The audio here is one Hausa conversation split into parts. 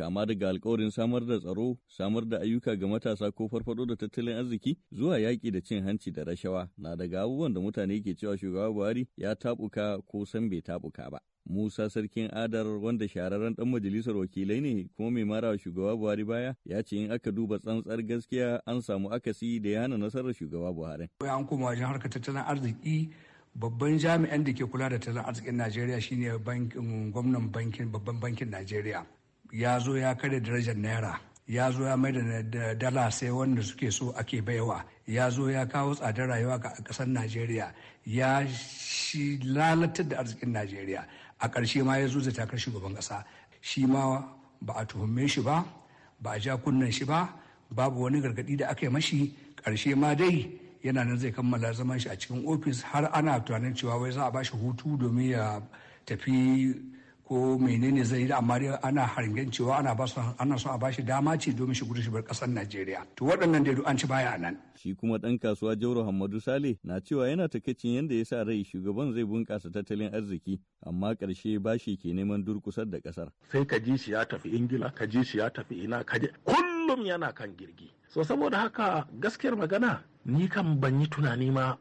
kama daga alkawarin samar da tsaro, samar da ayyuka ga matasa ko farfado da tattalin arziki zuwa yaƙi da cin hanci da rashawa na daga abubuwan da mutane ke cewa shugaba Buhari ya taɓuka ko san bai taɓuka ba. Musa Sarkin Adar wanda shahararren ɗan majalisar wakilai ne kuma mai marawa shugaba Buhari baya ya ce in aka duba tsantsar gaskiya an samu akasi da yana nasarar shugaba Buhari. An koma wajen harkar tattalin arziki babban jami'an da ke kula da tattalin arzikin Najeriya shine bankin gwamnan bankin babban bankin Najeriya ya zo ya karya darajar naira ya zo ya mai da dala sai wanda suke so ake baiwa ya zo ya kawo tsadar rayuwa ga kasar najeriya ya shi lalatar da arzikin najeriya a ƙarshe ma ya zo da takar shugaban ƙasa shi ma ba a tuhumme shi ba ba a ja kunnen shi ba babu wani gargadi da aka yi mashi ƙarshe ma dai yana nan zai kammala zaman shi a cikin ofis har ana tunanin cewa wai za a ba shi hutu domin ya tafi ko menene zai yi amma ana hargen cewa ana ba ana so a bashi dama ce domin shi gudu bar kasar Najeriya to waɗannan dai an ci baya a nan shi kuma ɗan kasuwa Jauro Hamadu Sale na cewa yana takeicin yadda ya sa rai shugaban zai bunkasa tattalin arziki amma ƙarshe bashi ke neman durkusar da ƙasar sai ka ji shi ya tafi Ingila ka ji shi ya tafi ina ka kullum yana kan girgi so saboda haka gaskiyar magana ni kan ban yi tunani ma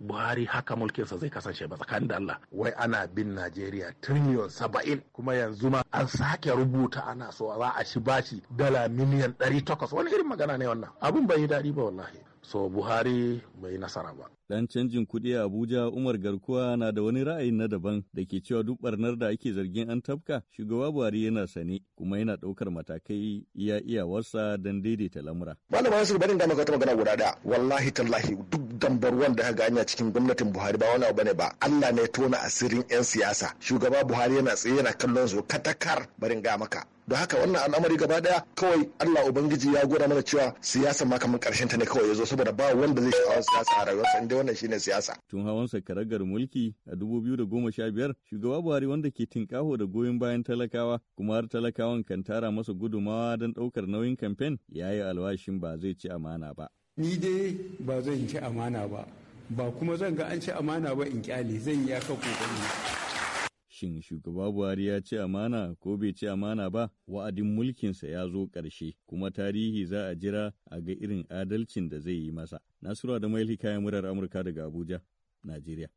buhari haka mulkinsa zai kasance ba tsakanin da allah wai ana bin najeriya tiriliyon saba'in kuma yanzu ma an sake rubuta ana so za a shi bashi dala miliyan ɗari takwas wani irin magana ne wannan abin bai yi daɗi ba wallahi so buhari bai nasara ba Dan canjin kuɗi a Abuja Umar Garkuwa na da wani ra'ayi na daban da ke cewa duk barnar da ake zargin an tafka shugaba Buhari yana sane kuma yana ɗaukar matakai iya iyawarsa don daidaita lamura. Malam Mansur barin da ka taɓa magana guda ɗaya wallahi tallahi duk dukkan bar da aka gani cikin gwamnatin Buhari ba wani abu bane ba Allah ne tona asirin 'yan siyasa shugaba Buhari yana tsaye yana kallon su katakar barin ga maka da haka wannan al'amari gaba daya kawai Allah ubangiji ya gwada mana cewa siyasa ma kamar karshen ta ne kawai yazo saboda ba wanda zai shawo siyasa a rayuwarsa inda wannan shine siyasa tun hawan sa karagar mulki a 2015 shugaba Buhari wanda ke tinkaho da goyon bayan talakawa kuma har talakawan kan tara masa gudumawa don daukar nauyin kamfen yayi alwashin ba zai ci amana ba ni dai ba zan ci amana ba ba kuma zan ga an ci amana ba in kyale zan yi aka kokari shin shugaba buhari ya ci amana ko bai ci amana ba wa'adin mulkinsa ya zo ƙarshe kuma tarihi za a jira a ga irin adalcin da zai yi masa nasura da mailika ya murar amurka daga abuja najeriya